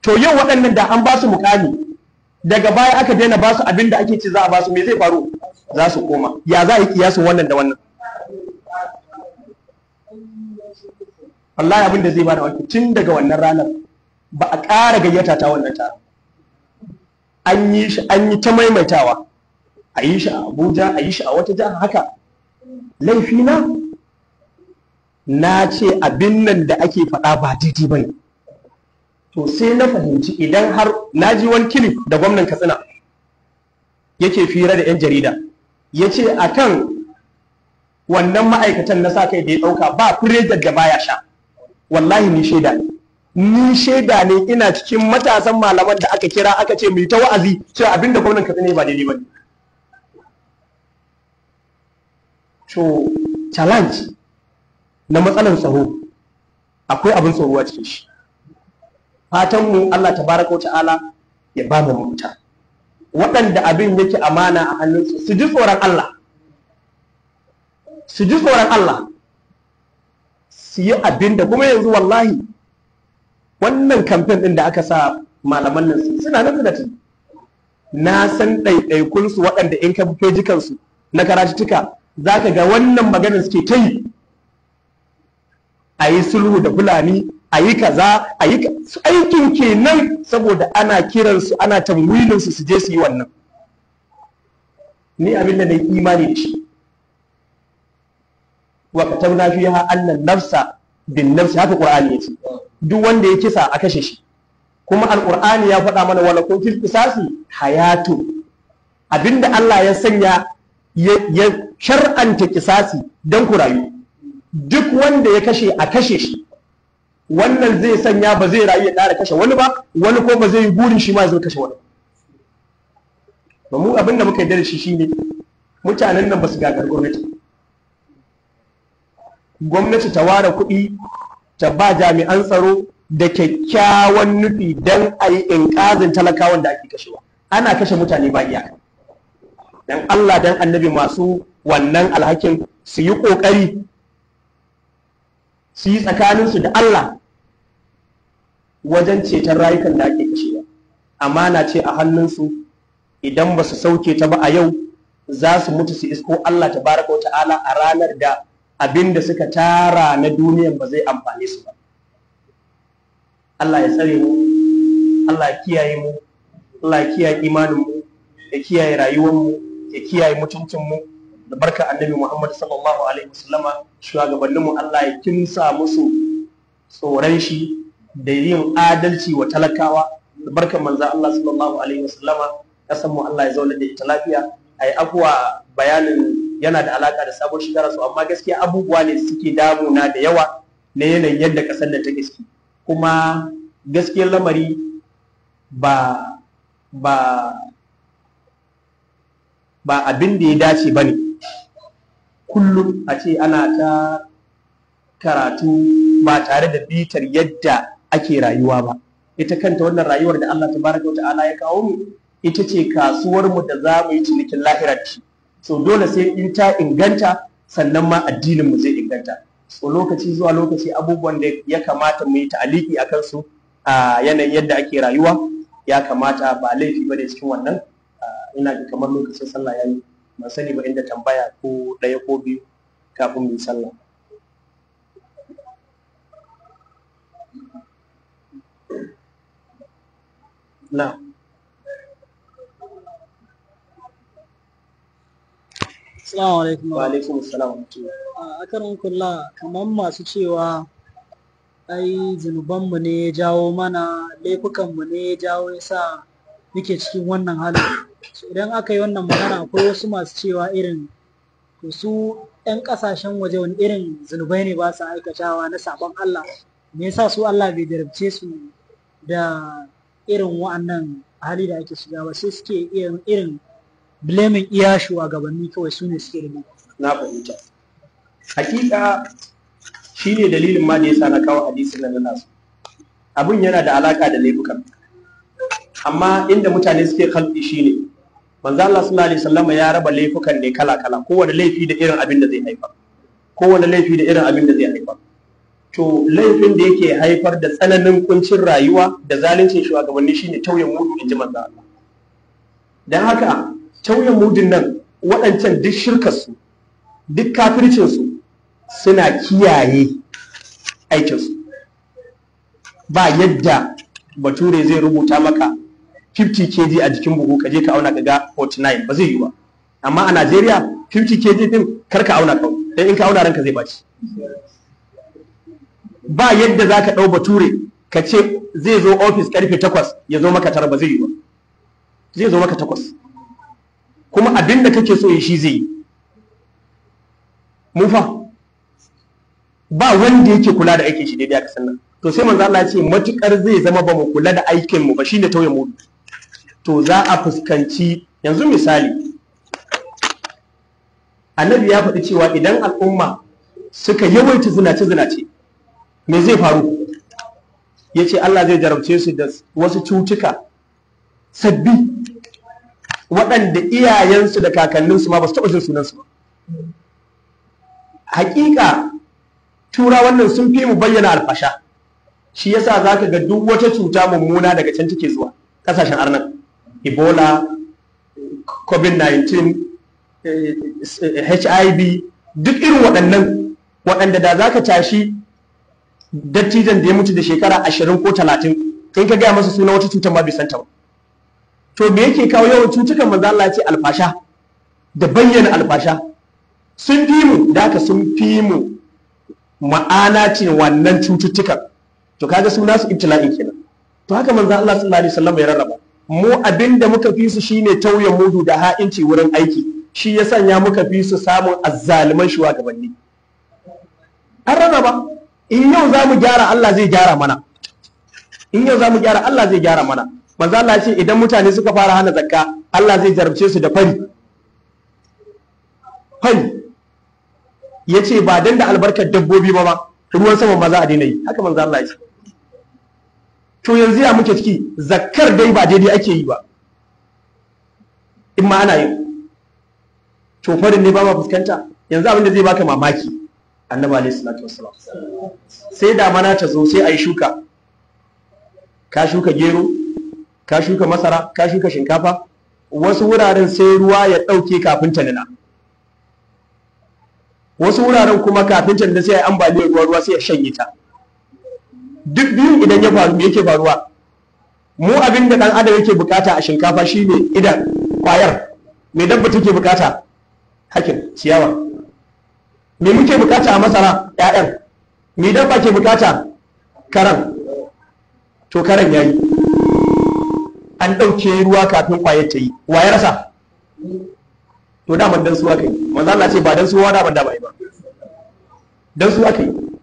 to yau waɗannan da an ba su mukami daga baya aka daina ba su abin da ake ci za a ba su me zai faru za su koma ya za a yi kiyasin wannan da wannan wallahi abin da zai bada waki tun daga wannan ranar ba a ƙara gayyata ta wannan ta. an yi ta maimaitawa a yi shi a abuja a yi shi a wata jihar haka laifina na ce abin nan da ake faɗa ba daidai ba ne to sai na fahimci idan har na ji wani kilif da gwamnan katsina yake fira da 'yan jarida ya ce a kan wannan ma'aikatan na sa kai da ya ɗauka ba furejar da baya sha wallahi ni shaida ne ni shaida ne ina cikin matasan malaman da aka kira aka ce mu ta wa'azi cewa abin da gwamnan katsina ba daidai ba ne to challenge na matsalan tsaro akwai abin tsoro a cikin shi fatan mu Allah tabaraka wa ta'ala ya ba mu mutunta waɗanda abin yake amana a hannunsu su ji tsoron Allah su ji tsoron Allah su yi abin da kuma yanzu wallahi wannan kamfen ɗin da aka sa malaman nan su suna nan suna na san ɗaiɗaikunsu waɗanda in ka feji su na karatuttuka za ka ga wannan maganar suke ta yi a yi sulhu da fulani a yi kaza a yi aikin kenan saboda ana kiransu ana tamwilinsu su je su yi wannan ni abin da na yi imani da shi tauna fi fiha annan nafsa bin nafsi haka ya ce. duk wanda ya kisa a kashe shi kuma Alƙur'ani ya faɗa mana wala ko fil qisasi hayatu abinda Allah ya sanya ya shar'anta kisasi don ku rayu duk wanda ya kashe a kashe shi wannan zai sanya ba zai rayu ya ƙara kashe wani ba wani ko ba zai yi burin shi ma zai kashe wani ba mu abinda muka yi da shi ne, mutanen nan ba su gagar gwamnati gwamnati ta ware kuɗi ta ba jami'an tsaro da kyakkyawan nufi don a yi inƙazin talakawan da ake kashewa ana kashe mutane ba iyaka dan Allah dan annabi masu wannan alhakin su yi ƙoƙari su yi tsakaninsu da Allah wajen ceton rayukan da ake kashewa amana ce a hannunsu idan ba su sauke ta ba a yau za su mutu su isko Allah ta baraka wa ta'ala a ranar da abin da suka tara na duniyan ba zai amfani su ba Allah ya tsare mu Allah ya kiyaye mu Allah ya kiyaye imanin mu ya kiyaye rayuwar mu ya kiyaye mutuncin mu da barka annabi Muhammad sallallahu alaihi wasallama shugabannin mu Allah ya kinsa musu tsoron shi da yin adalci wa talakawa da barkan manzo Allah sallallahu alaihi wasallama kasan mu Allah ya zauna da ita lafiya ai abuwa bayanin yana da alaka da sabon shigara su amma gaskiya abubuwa ne suke damu na da yawa na yanayin yadda kasar da ta gaske kuma gaskiyar lamari ba ba ba abin da ya dace ba ne kullum a ce ana ta karatu ba tare da bitar yadda ake rayuwa ba ita kanta wannan rayuwar da Allah tabaraka ta'ala ya kawo mu ita ce kasuwar mu da za mu yi cinikin lahirar shi so dole sai in ta inganta sannan ma addinin mu zai inganta so lokaci zuwa lokaci abubuwan da ya kamata mu yi ta'aliki a kansu a yanayin yadda ake rayuwa ya kamata ba laifi ba ne cikin wannan ina ga kamar lokacin sallah ya yi. ba sani ba inda tambaya ko ɗaya ko biyu kafin mu sallah na Assalamu alaikum. Wa alaikum assalam. A karin kula kamar masu cewa ai zunubanmu ne ya jawo mana laifukanmu ne ya jawo ya sa muke cikin wannan halin. idan aka yi wannan magana akwai wasu masu cewa irin su 'yan ƙasashen waje wani irin zunubai ne ba su aikatawa na sabon Allah me yasa su Allah bai darabce su da irin wa'annan hali da ake shiga ba sai suke irin irin blamin iya shugabanni kawai su ne suke da na fahimta hakika shi ne dalilin ma da sa na kawo hadisin nan su. abin yana da alaka da laifukan amma inda mutane suke kalbi shine manzo Allah sallallahu alaihi wasallam ya raba laifukan ne kala kala kowanne laifi da irin abin da zai haifar kowanne laifi da irin abin da zai haifar to laifin da yake haifar da tsananin kuncin rayuwa da zaluncin shugabanni shine tauyin mudu ji manzo Allah dan haka tauyin mudun nan waɗancan duk shirkar su duk kafircin su suna kiyaye aikinsu ba yadda bature zai rubuta maka 50 kg a jikin buhu ka je ka auna ka ga 49 ba zai yi ba amma a Najeriya 50 kg din kar ka auna kawai dan in ka auna ranka zai baci ba yadda za ka ɗau bature ka ce zai zo ofis karfe takwas ya zo maka tara ba zai yi ba zai zo maka takwas kuma abin da kake so ya shi zai yi mufa ba wanda yake kula da aikin shi daidai a kasan nan to sai manzo Allah ya ce matukar zai zama ba mu kula da aikin mu ba shine tauye mu to za a fuskanci yanzu misali annabi ya faɗi cewa idan al'umma suka yawaita zinace-zinace me zai faru ya ce Allah zai jarabce su da wasu cutuka sabbi waɗanda iyayensu da kakanninsu ma ba su taɓa jin sunansu ba hakika tura wannan sun fi mu bayyana alfasha shi yasa zaka ga duk wata cuta mummuna daga can take zuwa ƙasashen arnan ebola covid-19 eh, hiv duk irin waɗannan waɗanda da za ka tashi dattijan da ya mutu da shekara ashirin ko talatin kai ka gaya masa suna wata cutar ma bai santa ba to me yake kawo yawan cutukan maza Allah ce alfasha da bayyana alfasha sun fi mu da aka sun fi mu ma'ana ce wannan cututtukan to kaga suna su ibtila'in kenan to haka manzo Allah sallallahu alaihi wasallam ya rarraba mu abin da muka fi su shine tauye mudu da ha'inci wurin aiki shi ya sanya muka fi su samun azzaliman shugabanni an raba ba in yau za mu gyara Allah zai gyara mana in yau za mu gyara Allah zai gyara mana manzo Allah ce idan mutane suka fara hana zakka Allah zai jarabce su da fari fari yace ba dan da albarkar dabbobi ba ba ruwan sama ba za a daina yi haka manzo Allah ya ce to yanzu ya muke ciki zakkar dai ba daidai ake yi ba in ma ana yi to farin ne ba ma fuskanta yanzu abin da zai baka mamaki annabi alaihi salatu wassalam sai damana ta zo sai a yi shuka ka shuka gero ka shuka masara ka shuka shinkafa wasu wuraren sai ruwa ya ɗauke kafin ta nuna wasu wuraren kuma kafin ta nuna sai ambaliyar ruwa ruwa sai ya shanye ta duk biyun idan ya faru yake faruwa mu abin da dan adam yake bukata a shinkafa shine idan kwayar me dabba take bukata hakin ciyawa me muke bukata a masara ƴaƴan me dabba ke bukata karan to karan yayi an ɗauke ruwa kafin kwayar ta yi wa ya rasa to daman dan suwa aka yi manzo Allah ce ba dan suwa da ban da ba dan suwa aka yi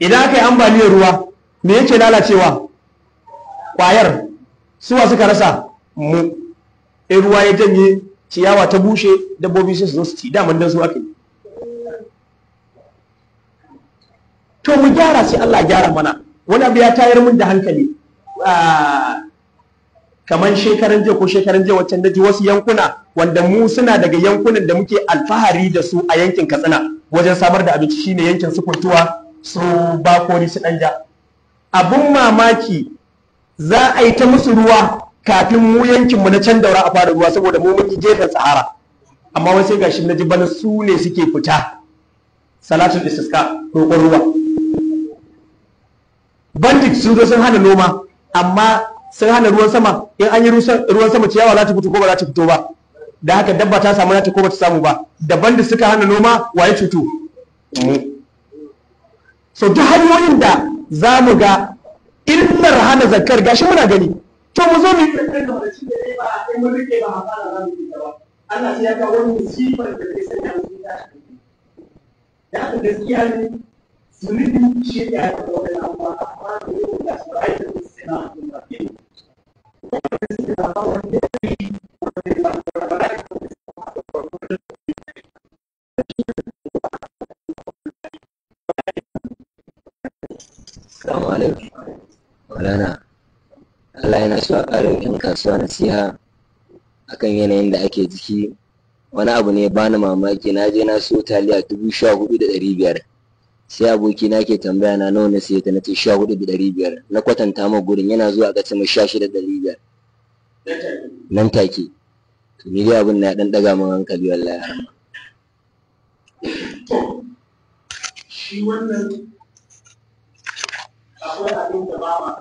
idan aka yi ambaliyar ruwa me yake lalacewa kwayar suwa suka rasa mu in ruwa ya janye ciyawa ta bushe dabbobi sai su zo su ci daman dan su aka to mu gyara sai Allah gyara mana wani abu ya tayar mun da hankali ah, kamar shekaran jiya ko shekaran jiya waccan ji wasu yankuna wanda mu suna daga yankunan da muke alfahari da su a yankin katsina wajen samar da abinci shine yankin sukurtuwa su bakori su ɗanja abun mamaki za a yi ta musu ruwa kafin mu yankin mu na can daura a fara ruwa saboda mu mun gefen tsahara amma wai sai gashi na ji bana su ne suke fita salatul istisqa roƙon ruwa bandit sun zo sun hana noma amma sun hana ruwan sama in an yi ruwan sama ciyawa za ta fito ko ba za ta fito ba da haka dabba ta samu ta ko ba ta samu ba Da bandit suka hana noma waye cutu so duk hanyoyin da za mu ga ilmar hana zakar gashi muna gani to mu zo mu yi zakar da shi da ba kai mun rike ba hasara za mu yi ba Allah sai ya ga wani musibar da zai sanya mu ta da haka gaskiya ne din shi ya ga wani amma amma da yau da su yi da su na da ke da ba ya yi ya da ba Assalamu alaikum. Allah yana so a ƙara yin kasuwa nasiha akan yanayin da ake jiki. wani abu ne bani mamaki na je na siyo taliya dubu sha hudu da ɗari biyar sai aboki na ke tambaya na nawa na siya ta nace ce sha hudu da ɗari biyar na kwatanta ma gurin yana zuwa ga ce sha shida da ɗari biyar nan take to ni dai abin na ya ɗan ɗaga min hankali wallahi shi wannan akwai abin da ba ma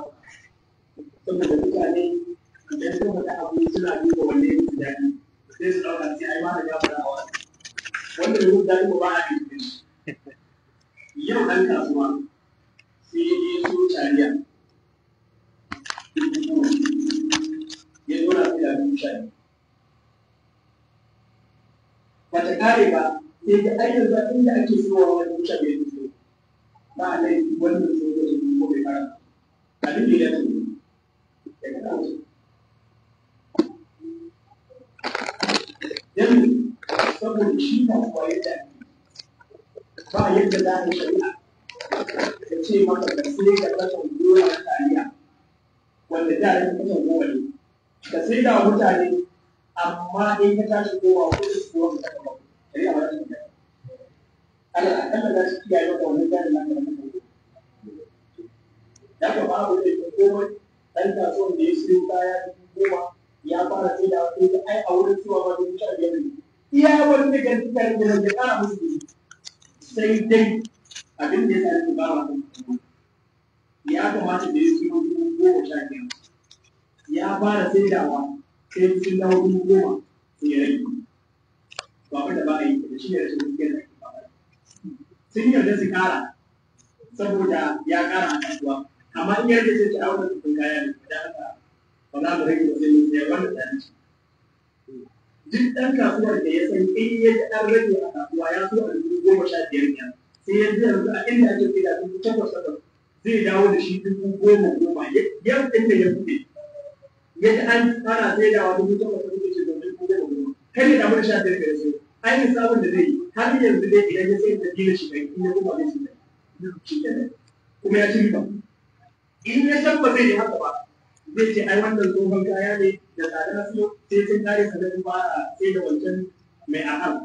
saboda mutane idan sun faɗi abu suna duba wanne ya fi daɗi sai su ɗauka sai ai ma ya faɗa a wani wanda ya fi daɗi ba a yi yau ɗan kasuwa sai ya je su tariya ya nuna su da su tariya ba ta kare ba sai ta ayyuka inda ake zuwa wani mutane ba laifi wannan sojojin ko bai fara abin da ya tsoro daga yanzu saboda shi ba kuwa yadda ba yadda za a yi shari'a ka ce maka ka sai ka kasa goma na taliya wanda da ya kasa goma ne ka sai da mutane amma in ka tashi goma ko kuwa ka kasa goma shari'a ba ta Allah akalla za su kiyaye maka wannan jarin naka da maka Ya ka ba abu da komai dan kasuwan da ya siyo kaya dubu goma ya fara sai da wasu da ai ba dubu sha biyar iya wani gani ta da nan da kara musu sai dai abin da ya sani ba wa ya kamata da ya siyo dubu goma sha biyar ya fara sai da wa sai sun dawo goma ya ba da ba a yi da shi ne rashin sun yarda su kara saboda ya kara a kasuwa amma in yarda sai a wannan sun kaya ne da haka ba za mu rage wajen sai wanda ta ci duk ɗan kasuwar da ya san in ya ji an rage a kasuwa ya so a dubu goma sha biyar ne sai ya ji yanzu a inda ake fi da dubu takwas takwas zai dawo da shi dubu goma goma yau inda ya fi ya ji an fara sai da wa dubu takwas takwas ce domin dubu goma goma kai ne da mun sha biyar ga sai an yi sabon da zai yi har yanzu dai idan ya sai da gina shi kai in ya kuma da shi kai kuma ya ci riba in ya san ba zai yi haka ba zai ce ai wannan tsohon kaya ne da tsada na siyo sai sun kare zai ba a sai da wancan mai ahal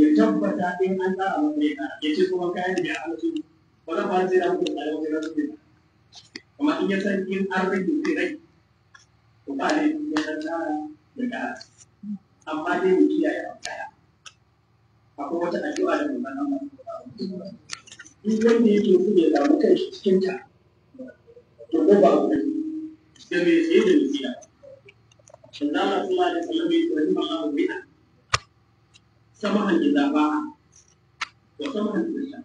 ya tabbata in an tsara wa ya kara ya ce tsohon kaya ne mai ahal su ba zan fara sai da hukun tsada wajen rasu ne amma in ya san in an rage zai rai ko ba ne ya tsara da kara amma dai mu kiyaye amfana akwai wata addu'a da mu bana mu duk wanda yake ku ya da kai shi cikin ta to ko ba ku da me sai da nisiya sannan kuma da mai da tsari ma mu bina sama gida ba ko sama hanji zaba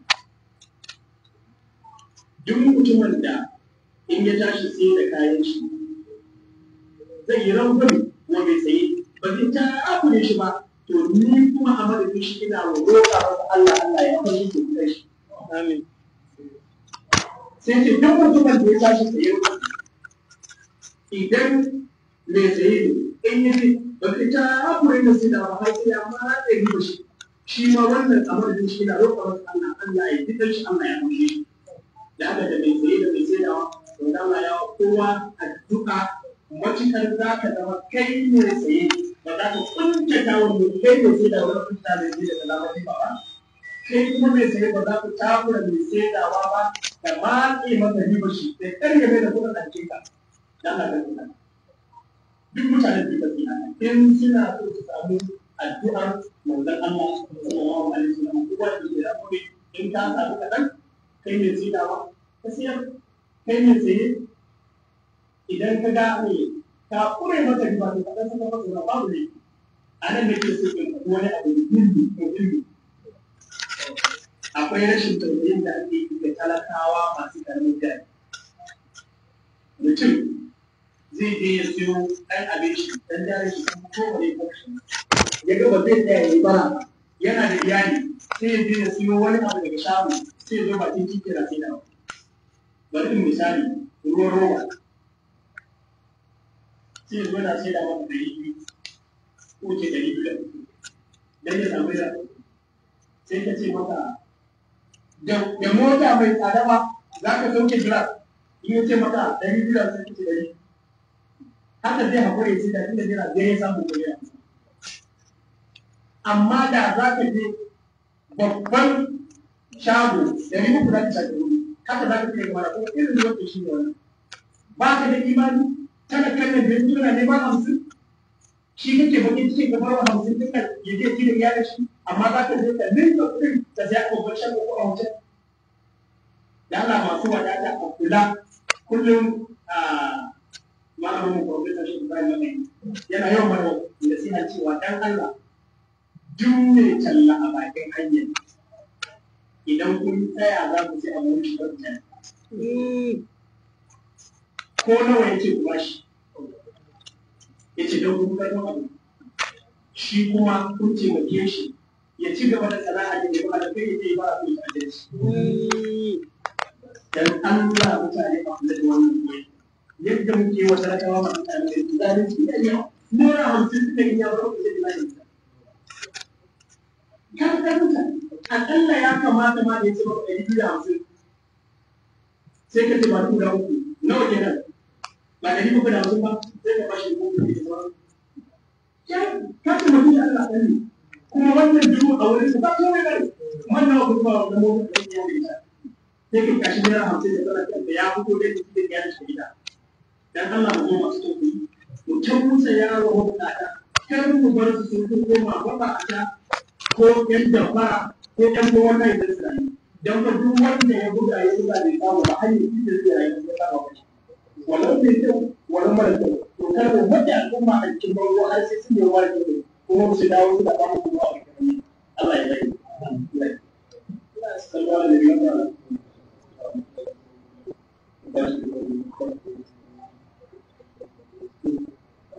duk mutumin da in ya tashi sai da kayan shi zai yi rangwame ba zai ta akure shi ba to ni kuma a madadin shi ina wa roƙa masa Allah Allah ya kuma yi shi ke shi amin sai ce duk mutumin da ya tashi tsaye idan mai tsaye ne in yi ne ba zai ta akure da sai da ba har sai amma na tsaye ba shi shi ma wannan a madadin shi na roƙa masa Allah Allah ya yi ji shi Allah ya kuma shi da haka da mai tsaye da mai tsaye da wa Allah ya kowa addu'a matukar za ka zama kai ne tsaye da za ka kuntata kai mai da mai da ba ba kuma mai sai ba za ku takura mai sai da wa da matse masa riba shi sai ka ka duk suna so su samu addu'a, manzon Allah sallallahu alaihi wasallam ko da kuma ka da ka idan ka ga ta kure mata riba to kaɗan sun kafa tsora babu ne a nan da ke so wani abu gilbi ko gilbi akwai rashin tausayin da ake yi ga talakawa masu karamin jari mutum zai je ya siyo ɗan abin shi ɗan jari shi kuma kowane kwakshin ya ga ba zai tsaya ya ba, yana da iyali sai ya je ya siyo wani abu daga shago sai ya zo bakin cikin na sai da bari misali ruwan roba sai zo na sai da maka ɗari biyu ko ce ɗari biyu da dan ya samu da sai ka ce maka da mota mai tsada ba za ka sauke glass in ya ce maka ɗari biyu da sai ka ce ɗari haka zai haƙura ya ce da inda jira zai ya samu kuɗi amma da za ka je babban shago ɗari uku za ka shaƙi haka za ka ce kamar ko irin shi ne wani ba ka da imani talakan nan don ne ba hamsin shi kake bakin cikin ka ba hamsin din nan ya je gidan yaran shi amma za ka je ka ninka kuɗin da sai a babban shago ko a wajen da Allah masu wadata a kula kullum a malamin profesa shi Ibrahim Mamin yana yawan mana nasiha cewa dan Allah duk mai talla a bakin hanyar idan kun tsaya za ku ci a wurin shi ko nawa yake ku bashi yace dan kun kai abu shi kuma kun taimake shi ya ci gaba da sana'a da ba da kai yake ba a kai adalci dan Allah mutane ba da wannan koyi yadda muke wata rakawa masu tsarin da su da yawa Mura hamsin suka yi yawon rufe da zalunci kan ɗanta aƙalla ya kamata ma da ya ce maka ɗari biyu da hamsin sai ka ce ba tura uku nawa kenan ba da ni muka da ba sai ka bashi mutum da sauran ya kace mutum da kuma wannan dubu a wurin sa ba komai bane wannan ba kuma wannan mutum da ya yi sai ka kashi naira hamsin da tsara kanka ya fito da shi da ya shi gida dan Allah mu zo masu tofi mu can musa yaro mu bukata kar mu bar su sun koma wata ta, ko yan jafara ko yan kowa na yi da dan ba duk wanda ya buga ya buga bai ba, ba hanyar da zai rayu ya samu ba wannan mai kyau wannan mara kyau to kar mu al'umma a cikin har sai sun yi wa da kuma su dawo su da ba mu a cikin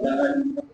Allah ya